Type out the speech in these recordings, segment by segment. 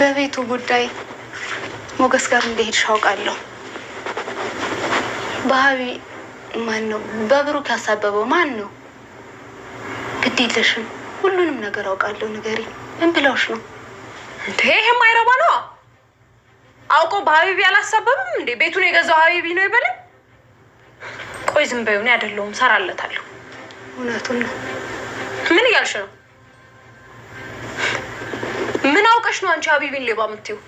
በቤቱ ጉዳይ ሞገስ ጋር እንደሄድሽ አውቃለሁ። በሀቢ ማን ነው? በብሩክ ያሳበበው ማን ነው? ግድ የለሽም ሁሉንም ነገር አውቃለሁ። ንገሪ ምን ብለውሽ ነው እንዴ? ይሄም አይረባ ነው። አውቆ በሀቢቢ አላሳበብም እንዴ? ቤቱን የገዛው ሀቢቢ ነው ይበለ። ቆይ ዝም በይው፣ እኔ አይደለሁም እሰራለታለሁ። እውነቱን ነው። ምን እያልሽ ነው? ምን አውቀሽ ነው አንቺ ሀቢቢን ሌባ የምትይው?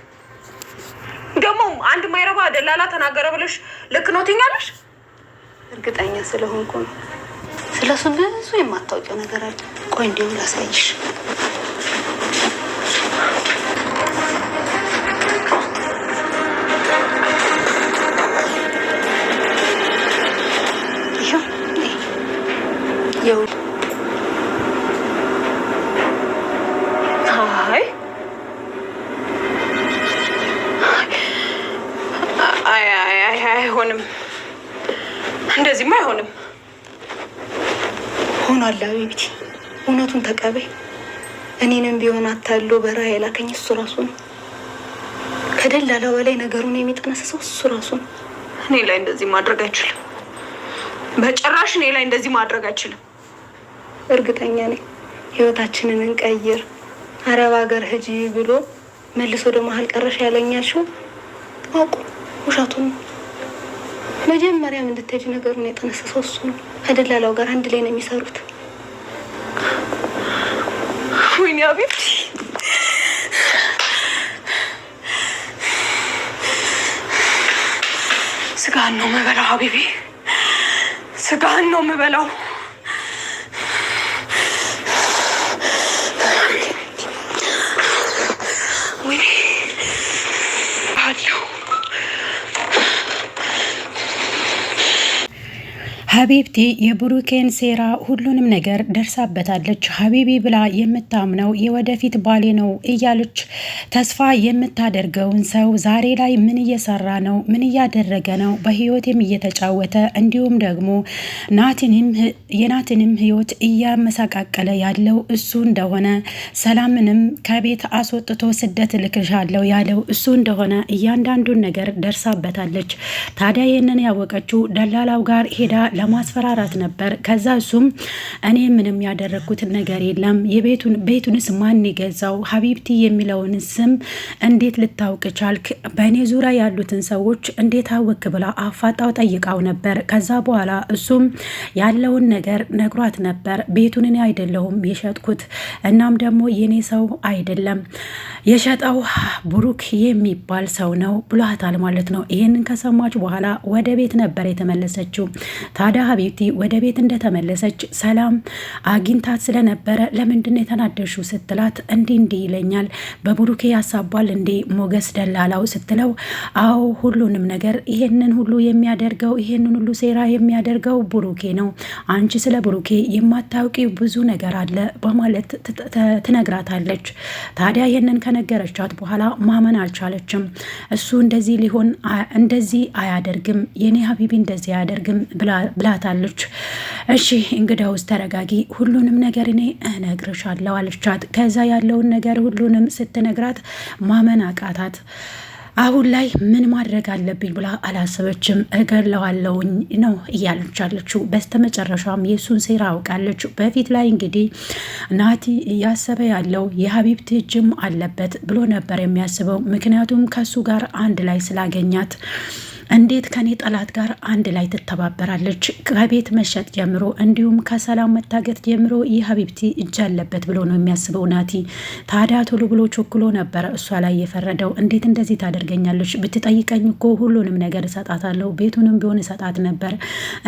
ደግሞ አንድ ማይረባ ደላላ ተናገረ ብለሽ ልክ ነው ትኛለሽ? እርግጠኛ ስለሆንኩ ነው። ስለሱ ብዙ የማታውቂው ነገር አለ። ቆይ እንዲሁ ላሳይሽ። ያቀረበኝ እኔንም ቢሆን አታሎ በረሃ የላከኝ እሱ ራሱ ነው። ከደላላው በላይ ነገሩን የሚጠነስሰው እሱ ራሱ ነው። እኔ ላይ እንደዚህ ማድረግ አይችልም። በጭራሽ እኔ ላይ እንደዚህ ማድረግ አይችልም። እርግጠኛ ነኝ። ህይወታችንን እንቀይር፣ አረብ ሀገር ህጂ ብሎ መልሶ ወደ መሀል ቀረሽ ያለኛሽው አውቁ ውሻቱን ነው። መጀመሪያም እንድትሄጂ ነገሩን የጠነሰሰው እሱ ነው። ከደላላው ጋር አንድ ላይ ነው የሚሰሩት። አይደለም ያ ስጋን ነው የምበላው ሀቢቢ፣ ስጋን ነው የምበላው። ሀቢብቲ የብሩኬን ሴራ ሁሉንም ነገር ደርሳበታለች። ሀቢቢ ብላ የምታምነው የወደፊት ባሌ ነው እያለች ተስፋ የምታደርገውን ሰው ዛሬ ላይ ምን እየሰራ ነው? ምን እያደረገ ነው? በህይወትም እየተጫወተ እንዲሁም ደግሞ የናትንም ህይወት እያመሰቃቀለ ያለው እሱ እንደሆነ ሰላምንም ከቤት አስወጥቶ ስደት ልክሻለው ያለው እሱ እንደሆነ እያንዳንዱን ነገር ደርሳበታለች። ታዲያ ይህንን ያወቀችው ደላላው ጋር ሄዳ ማስፈራራት ነበር። ከዛ እሱም እኔ ምንም ያደረግኩት ነገር የለም የቤቱን ቤቱንስ ማን የገዛው ሀቢብቲ የሚለውን ስም እንዴት ልታውቅ ቻልክ? በእኔ ዙሪያ ያሉትን ሰዎች እንዴት አወክ? ብላ አፋጣው ጠይቃው ነበር። ከዛ በኋላ እሱም ያለውን ነገር ነግሯት ነበር። ቤቱን እኔ አይደለሁም የሸጥኩት፣ እናም ደግሞ የኔ ሰው አይደለም የሸጠው ብሩክ የሚባል ሰው ነው ብሏታል ማለት ነው። ይህንን ከሰማች በኋላ ወደ ቤት ነበር የተመለሰችው ታዲያ ወደ ሀቢብቲ ወደ ቤት እንደተመለሰች ሰላም አግኝታት ስለነበረ ለምንድነው የተናደሹ ስትላት እንዲ እንዲህ ይለኛል በቡሩኬ ያሳቧል እንዴ ሞገስ ደላላው ስትለው አዎ ሁሉንም ነገር ይሄንን ሁሉ የሚያደርገው ይሄንን ሁሉ ሴራ የሚያደርገው ቡሩኬ ነው። አንቺ ስለ ቡሩኬ የማታውቂ ብዙ ነገር አለ በማለት ትነግራታለች። ታዲያ ይህንን ከነገረቻት በኋላ ማመን አልቻለችም። እሱ እንደዚህ ሊሆን እንደዚህ አያደርግም፣ የኔ ሀቢቢ እንደዚህ አያደርግም ብላታለች። እሺ ውስጥ ተረጋጊ፣ ሁሉንም ነገር እኔ እነግርሻለሁ አለቻት። ከዛ ያለውን ነገር ሁሉንም ስትነግራት ማመን አቃታት። አሁን ላይ ምን ማድረግ አለብኝ ብላ አላሰበችም። እገለዋለሁኝ ነው እያለች አለችው። በስተመጨረሻም የእሱን ሴራ አውቃለች። በፊት ላይ እንግዲህ ናቲ እያሰበ ያለው የሀቢብ ትጅም አለበት ብሎ ነበር የሚያስበው። ምክንያቱም ከሱ ጋር አንድ ላይ ስላገኛት እንዴት ከኔ ጠላት ጋር አንድ ላይ ትተባበራለች? ከቤት መሸጥ ጀምሮ እንዲሁም ከሰላም መታገት ጀምሮ ይህ ሀቢብቲ እጅ አለበት ብሎ ነው የሚያስበው ናቲ። ታዲያ ቶሎ ብሎ ቾክሎ ነበረ እሷ ላይ የፈረደው። እንዴት እንደዚህ ታደርገኛለች? ብትጠይቀኝ እኮ ሁሉንም ነገር እሰጣታለሁ፣ ቤቱንም ቢሆን እሰጣት ነበር።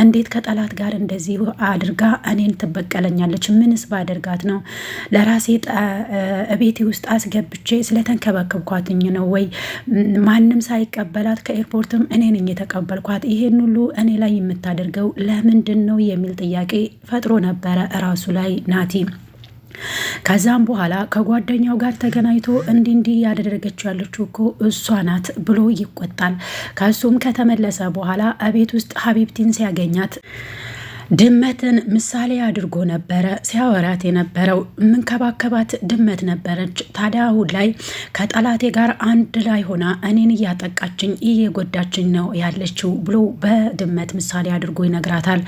እንዴት ከጠላት ጋር እንደዚህ አድርጋ እኔን ትበቀለኛለች? ምንስ ባደርጋት ነው? ለራሴ ቤቴ ውስጥ አስገብቼ ስለተንከባከብኳትኝ ነው ወይ? ማንም ሳይቀበላት ከኤርፖርትም እኔ ነኝ የተቀበልኳት ይሄን ሁሉ እኔ ላይ የምታደርገው ለምንድን ነው የሚል ጥያቄ ፈጥሮ ነበረ እራሱ ላይ ናቲ። ከዛም በኋላ ከጓደኛው ጋር ተገናኝቶ እንዲህ እንዲህ ያደረገችው ያለችው እኮ እሷ ናት ብሎ ይቆጣል። ከእሱም ከተመለሰ በኋላ እቤት ውስጥ ሀቢብቲን ሲያገኛት ድመትን ምሳሌ አድርጎ ነበረ ሲያወራት የነበረው። የምንከባከባት ድመት ነበረች። ታዲያ አሁን ላይ ከጠላቴ ጋር አንድ ላይ ሆና እኔን እያጠቃችኝ እየጎዳችኝ ነው ያለችው ብሎ በድመት ምሳሌ አድርጎ ይነግራታል።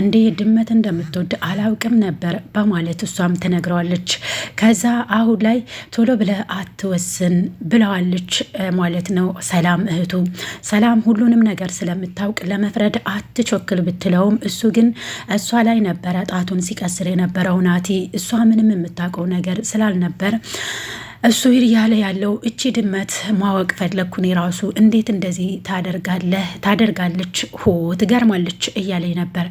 እንዴ ድመት እንደምትወድ አላውቅም ነበር በማለት እሷም ትነግረዋለች። ከዛ አሁን ላይ ቶሎ ብለህ አትወስን ብለዋለች ማለት ነው ሰላም እህቱ። ሰላም ሁሉንም ነገር ስለምታውቅ ለመፍረድ አትቾክል ብትለውም እሱ ግን እሷ ላይ ነበረ ጣቱን ሲቀስር የነበረው ናቲ። እሷ ምንም የምታውቀው ነገር ስላልነበር እሱ ያለ ያለው እቺ ድመት ማወቅ ፈለግኩን የራሱ እንዴት እንደዚህ ታደርጋለህ ታደርጋለች ሆ ትገርማለች እያለኝ ነበር።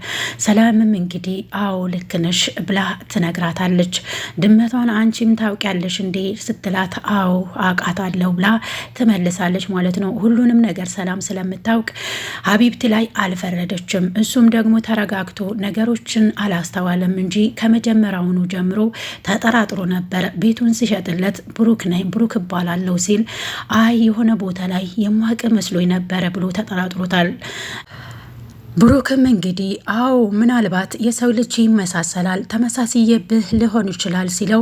ሰላምም እንግዲህ አዎ ልክ ነሽ ብላ ትነግራታለች። ድመቷን አንቺም ታውቂያለሽ እንዴ ስትላት አዎ አውቃታለሁ ብላ ትመልሳለች ማለት ነው። ሁሉንም ነገር ሰላም ስለምታውቅ ሀቢብቲ ላይ አልፈረደችም። እሱም ደግሞ ተረጋግቶ ነገሮችን አላስተዋለም እንጂ ከመጀመሪያውኑ ጀምሮ ተጠራጥሮ ነበር ቤቱን ሲሸጥለት ብሩክ ነኝ ብሩክ እባላለሁ ሲል አይ የሆነ ቦታ ላይ የማቅ መስሎኝ ነበረ ብሎ ተጠራጥሮታል። ብሩክም እንግዲህ አዎ ምናልባት የሰው ልጅ ይመሳሰላል፣ ተመሳስዬብህ ሊሆን ይችላል ሲለው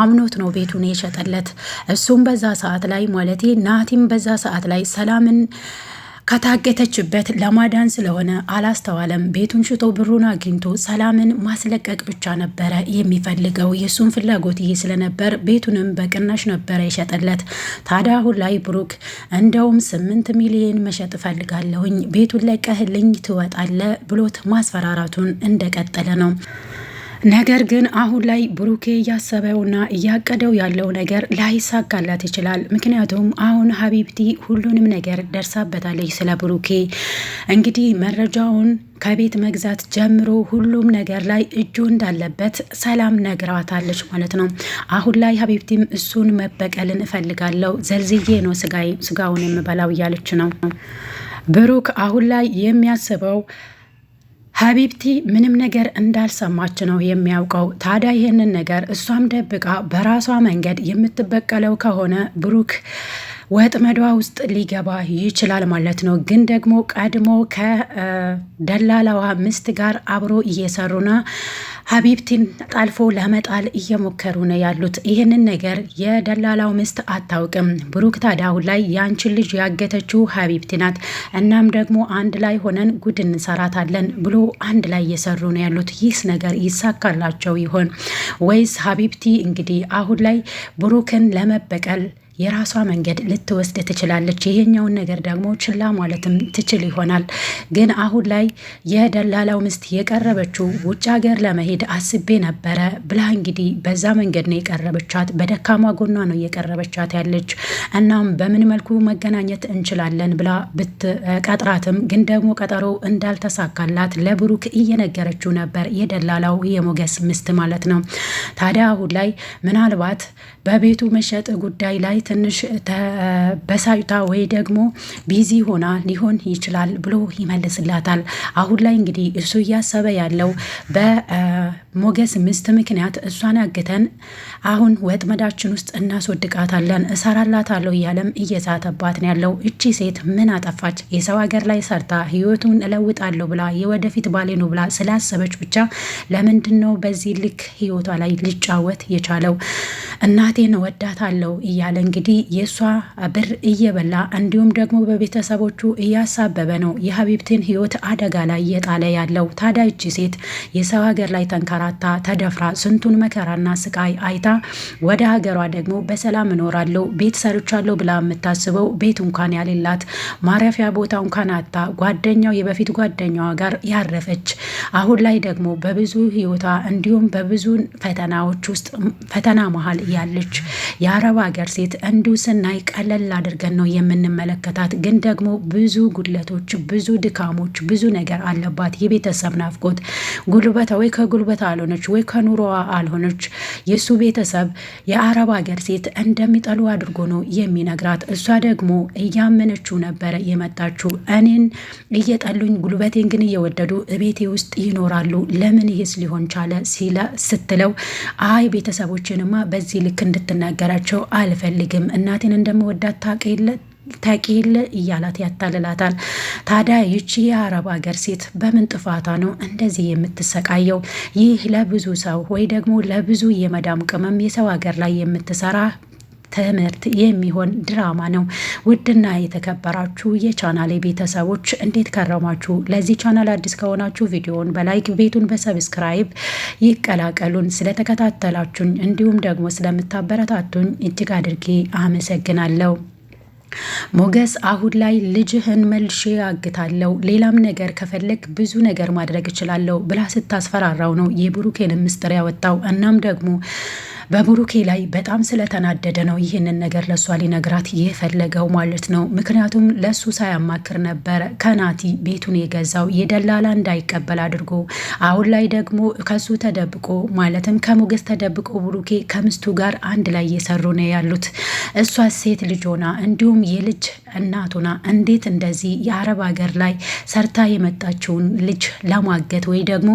አምኖት ነው ቤቱን የሸጠለት። እሱም በዛ ሰዓት ላይ ማለቴ ናቲም በዛ ሰዓት ላይ ሰላምን ከታገተችበት ለማዳን ስለሆነ አላስተዋለም። ቤቱን ሽቶ ብሩን አግኝቶ ሰላምን ማስለቀቅ ብቻ ነበረ የሚፈልገው። የእሱን ፍላጎት ይህ ስለነበር ቤቱንም በቅናሽ ነበረ ይሸጥለት። ታዲያ አሁን ላይ ብሩክ እንደውም ስምንት ሚሊዮን መሸጥ እፈልጋለሁኝ ቤቱን ለቀህልኝ ትወጣለ ብሎት ማስፈራራቱን እንደቀጠለ ነው። ነገር ግን አሁን ላይ ብሩኬ እያሰበውና እያቀደው ያለው ነገር ላይሳካላት ይችላል። ምክንያቱም አሁን ሀቢብቲ ሁሉንም ነገር ደርሳበታለች። ስለ ብሩኬ እንግዲህ መረጃውን ከቤት መግዛት ጀምሮ ሁሉም ነገር ላይ እጁ እንዳለበት ሰላም ነግራታለች ማለት ነው። አሁን ላይ ሀቢብቲም እሱን መበቀልን እፈልጋለሁ፣ ዘልዝዬ ነው ስጋውን የምበላው እያለች ነው። ብሩክ አሁን ላይ የሚያስበው ሀቢብቲ ምንም ነገር እንዳልሰማች ነው የሚያውቀው። ታዲያ ይህንን ነገር እሷም ደብቃ በራሷ መንገድ የምትበቀለው ከሆነ ብሩክ ወጥመዷ ውስጥ ሊገባ ይችላል ማለት ነው። ግን ደግሞ ቀድሞ ከደላላዋ ሚስት ጋር አብሮ እየሰሩና ሀቢብቲን ጠልፎ ለመጣል እየሞከሩ ነው ያሉት። ይህንን ነገር የደላላው ሚስት አታውቅም። ብሩክ ታዲያ አሁን ላይ ያንችን ልጅ ያገተችው ሀቢብቲ ናት፣ እናም ደግሞ አንድ ላይ ሆነን ጉድ እንሰራታለን ብሎ አንድ ላይ እየሰሩ ነው ያሉት። ይህስ ነገር ይሳካላቸው ይሆን ወይስ ሀቢብቲ እንግዲህ አሁን ላይ ብሩክን ለመበቀል የራሷ መንገድ ልትወስድ ትችላለች። ይሄኛውን ነገር ደግሞ ችላ ማለትም ትችል ይሆናል። ግን አሁን ላይ የደላላው ምስት የቀረበችው ውጭ ሀገር ለመሄድ አስቤ ነበረ ብላ እንግዲህ በዛ መንገድ ነው የቀረበቻት። በደካማ ጎኗ ነው እየቀረበቻት ያለች። እናም በምን መልኩ መገናኘት እንችላለን ብላ ብትቀጥራትም ግን ደግሞ ቀጠሮ እንዳልተሳካላት ለብሩክ እየነገረችው ነበር። የደላላው የሞገስ ሚስት ማለት ነው። ታዲያ አሁን ላይ ምናልባት በቤቱ መሸጥ ጉዳይ ላይ ትንሽ ተበሳጭታ ወይ ደግሞ ቢዚ ሆና ሊሆን ይችላል ብሎ ይመልስላታል። አሁን ላይ እንግዲህ እሱ እያሰበ ያለው በሞገስ ሚስት ምክንያት እሷን አግተን አሁን ወጥመዳችን ውስጥ እናስወድቃታለን፣ እሰራላታል እሰጥሻለሁ እያለም እየሳተባት ነው ያለው። እቺ ሴት ምን አጠፋች? የሰው ሀገር ላይ ሰርታ ህይወቱን እለውጣለሁ ብላ የወደፊት ባሌ ነው ብላ ስላሰበች ብቻ ለምንድን ነው በዚህ ልክ ህይወቷ ላይ ሊጫወት የቻለው? እናቴን ወዳታለሁ እያለ እንግዲህ የእሷ ብር እየበላ እንዲሁም ደግሞ በቤተሰቦቹ እያሳበበ ነው የሀቢብቴን ህይወት አደጋ ላይ እየጣለ ያለው። ታዲያ እቺ ሴት የሰው ሀገር ላይ ተንከራታ ተደፍራ ስንቱን መከራና ስቃይ አይታ ወደ ሀገሯ ደግሞ በሰላም እኖራለሁ ቤት ሰርቼ ሰርቻለሁ ብላ የምታስበው ቤት እንኳን ያሌላት ማረፊያ ቦታ እንኳን አታ ጓደኛው የበፊት ጓደኛዋ ጋር ያረፈች አሁን ላይ ደግሞ በብዙ ህይወቷ እንዲሁም በብዙ ፈተናዎች ውስጥ ፈተና መሀል ያለች የአረብ ሀገር ሴት እንዲሁ ስናይ ቀለል አድርገን ነው የምንመለከታት። ግን ደግሞ ብዙ ጉድለቶች፣ ብዙ ድካሞች፣ ብዙ ነገር አለባት። የቤተሰብ ናፍቆት ጉልበታ ወይ ከጉልበታ አልሆነች ወይ ከኑሮዋ አልሆነች። የእሱ ቤተሰብ የአረብ ሀገር ሴት እንደሚጠሉ አድርጎ ነው የሚነግራት እሷ ደግሞ እያመነችው ነበረ የመጣችው። እኔን እየጠሉኝ ጉልበቴን ግን እየወደዱ እቤቴ ውስጥ ይኖራሉ፣ ለምን ይሄስ ሊሆን ቻለ ስትለው አይ ቤተሰቦችንማ በዚህ ልክ እንድትናገራቸው አልፈልግም፣ እናቴን እንደምወዳት ታውቅ የለ ታቂል እያላት ያታልላታል። ታዲያ ይቺ የአረብ ሀገር ሴት በምን ጥፋቷ ነው እንደዚህ የምትሰቃየው? ይህ ለብዙ ሰው ወይ ደግሞ ለብዙ የመዳም ቅመም የሰው ሀገር ላይ የምትሰራ ትምህርት የሚሆን ድራማ ነው። ውድና የተከበራችሁ የቻናሌ ቤተሰቦች እንዴት ከረማችሁ? ለዚህ ቻናል አዲስ ከሆናችሁ ቪዲዮውን በላይክ ቤቱን በሰብስክራይብ ይቀላቀሉን። ስለተከታተላችሁኝ እንዲሁም ደግሞ ስለምታበረታቱኝ እጅግ አድርጌ አመሰግናለሁ። ሞገስ አሁን ላይ ልጅህን መልሼ አግታለሁ፣ ሌላም ነገር ከፈለግ ብዙ ነገር ማድረግ እችላለሁ ብላ ስታስፈራራው ነው የብሩኬን ምስጢር ያወጣው እናም ደግሞ በብሩኬ ላይ በጣም ስለተናደደ ነው ይህንን ነገር ለእሷ ሊነግራት የፈለገው ማለት ነው። ምክንያቱም ለእሱ ሳያማክር ነበረ ከናቲ ቤቱን የገዛው የደላላ እንዳይቀበል አድርጎ፣ አሁን ላይ ደግሞ ከሱ ተደብቆ ማለትም ከሞገስ ተደብቆ ብሩኬ ከምስቱ ጋር አንድ ላይ እየሰሩ ነው ያሉት። እሷ ሴት ልጅ ሆና እንዲሁም የልጅ እናቱና እንዴት እንደዚህ የአረብ ሀገር ላይ ሰርታ የመጣችውን ልጅ ለማገት ወይ ደግሞ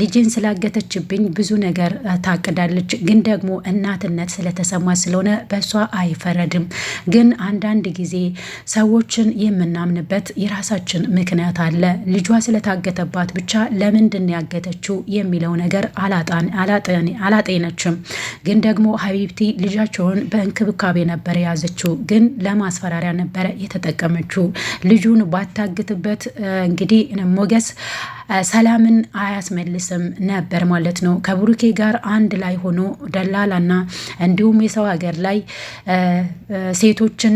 ልጅን ስላገተችብኝ ብዙ ነገር ታቅዳለች፣ ግን ደግሞ እናትነት ስለተሰማ ስለሆነ በእሷ አይፈረድም። ግን አንዳንድ ጊዜ ሰዎችን የምናምንበት የራሳችን ምክንያት አለ። ልጇ ስለታገተባት ብቻ ለምንድን ያገተችው የሚለው ነገር አላጤነችም። ግን ደግሞ ሀቢብቲ ልጃቸውን በእንክብካቤ ነበር የያዘችው፣ ግን ለማስፈራሪያ ነበረ የተጠቀመችው። ልጁን ባታግትበት እንግዲህ ሞገስ ሰላምን አያስመልስም ነበር ማለት ነው። ከብሩኬ ጋር አንድ ላይ ሆኖ ደላላና እንዲሁም የሰው ሀገር ላይ ሴቶችን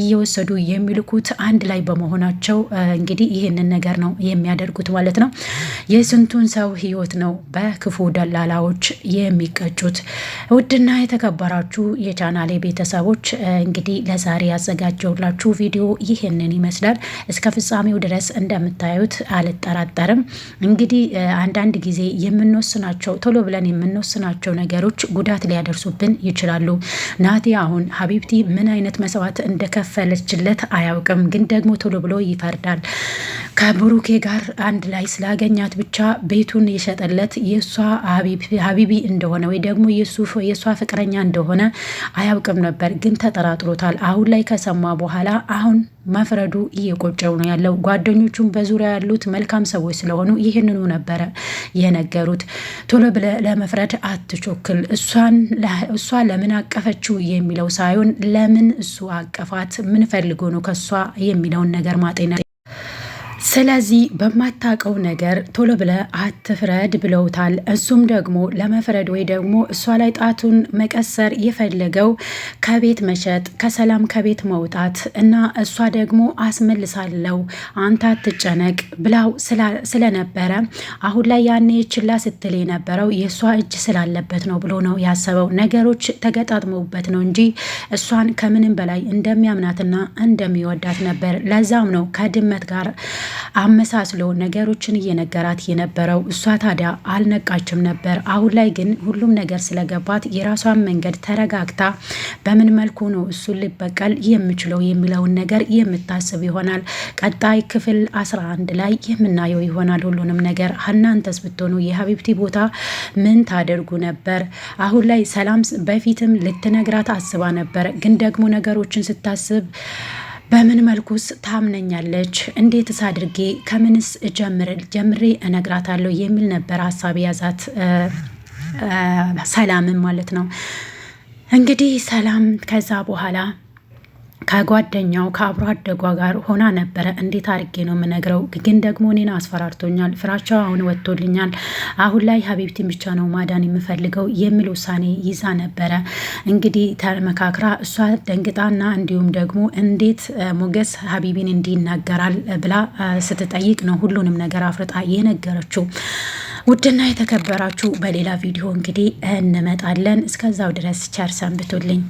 እየወሰዱ የሚልኩት አንድ ላይ በመሆናቸው እንግዲህ ይህንን ነገር ነው የሚያደርጉት ማለት ነው። የስንቱን ሰው ህይወት ነው በክፉ ደላላዎች የሚቀጩት። ውድና የተከበራችሁ የቻናሌ ቤተሰቦች እንግዲህ ለዛሬ ያዘጋጀውላችሁ ቪዲዮ ይህንን ይመስላል። እስከ ፍጻሜው ድረስ እንደምታዩት አልጠራጠርም። እንግዲህ አንዳንድ ጊዜ የምንወስናቸው ቶሎ ብለን የምንወስናቸው ነገሮች ጉዳት ሊያደርሱብን ይችላሉ። ናቲ አሁን ሀቢብቲ ምን አይነት መስዋዕት እንደከፈለችለት አያውቅም፣ ግን ደግሞ ቶሎ ብሎ ይፈርዳል። ከብሩኬ ጋር አንድ ላይ ስላገኛት ብቻ ቤቱን የሸጠለት የእሷ ሀቢቢ እንደሆነ ወይ ደግሞ የእሷ ፍቅረኛ እንደሆነ አያውቅም ነበር፣ ግን ተጠራጥሮታል። አሁን ላይ ከሰማ በኋላ አሁን መፍረዱ እየቆጨው ነው ያለው። ጓደኞቹም በዙሪያ ያሉት መልካም ሰዎች ስለሆኑ ይህንኑ ነበረ የነገሩት። ቶሎ ብለ ለመፍረድ አትቾክል፣ እሷ ለምን አቀፈችው የሚለው ሳይሆን ለምን እሱ አቀፋት፣ ምን ፈልጎ ነው ከእሷ የሚለውን ነገር ማጤና ስለዚህ በማታውቀው ነገር ቶሎ ብለህ አትፍረድ ብለውታል። እሱም ደግሞ ለመፍረድ ወይ ደግሞ እሷ ላይ ጣቱን መቀሰር የፈለገው ከቤት መሸጥ፣ ከሰላም ከቤት መውጣት እና እሷ ደግሞ አስመልሳለው አንተ አትጨነቅ ብላው ስለነበረ አሁን ላይ ያኔ ችላ ስትል የነበረው የእሷ እጅ ስላለበት ነው ብሎ ነው ያሰበው። ነገሮች ተገጣጥመውበት ነው እንጂ እሷን ከምንም በላይ እንደሚያምናትና እንደሚወዳት ነበር። ለዛም ነው ከድመት ጋር አመሳስሎ ነገሮችን እየነገራት የነበረው እሷ ታዲያ አልነቃችም ነበር። አሁን ላይ ግን ሁሉም ነገር ስለገባት የራሷን መንገድ ተረጋግታ በምን መልኩ ነው እሱን ልበቀል የምችለው የሚለውን ነገር የምታስብ ይሆናል። ቀጣይ ክፍል 11 ላይ የምናየው ይሆናል ሁሉንም ነገር። እናንተስ ብትሆኑ የሀቢብቲ ቦታ ምን ታደርጉ ነበር? አሁን ላይ ሰላም በፊትም ልትነግራት አስባ ነበር፣ ግን ደግሞ ነገሮችን ስታስብ በምን መልኩስ ታምነኛለች? እንዴትስ አድርጌ ከምንስ ጀምሬ እነግራታለሁ የሚል ነበር ሀሳብ ያዛት ሰላምን ማለት ነው። እንግዲህ ሰላም ከዛ በኋላ ከጓደኛው ከአብሮ አደጓ ጋር ሆና ነበረ። እንዴት አድርጌ ነው የምነግረው? ግን ደግሞ እኔን አስፈራርቶኛል፣ ፍራቻው አሁን ወጥቶልኛል። አሁን ላይ ሀቢብቲን ብቻ ነው ማዳን የምፈልገው የሚል ውሳኔ ይዛ ነበረ። እንግዲህ ተመካክራ እሷ ደንግጣና እንዲሁም ደግሞ እንዴት ሞገስ ሀቢቢን እንዲናገራል ብላ ስትጠይቅ ነው ሁሉንም ነገር አፍርጣ የነገረችው። ውድና የተከበራችሁ በሌላ ቪዲዮ እንግዲህ እንመጣለን። እስከዛው ድረስ ቸር ሰንብቱልኝ።